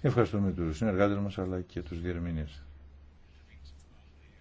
Ευχαριστούμε τους συνεργάτες μας αλλά και τους διερμηνείς.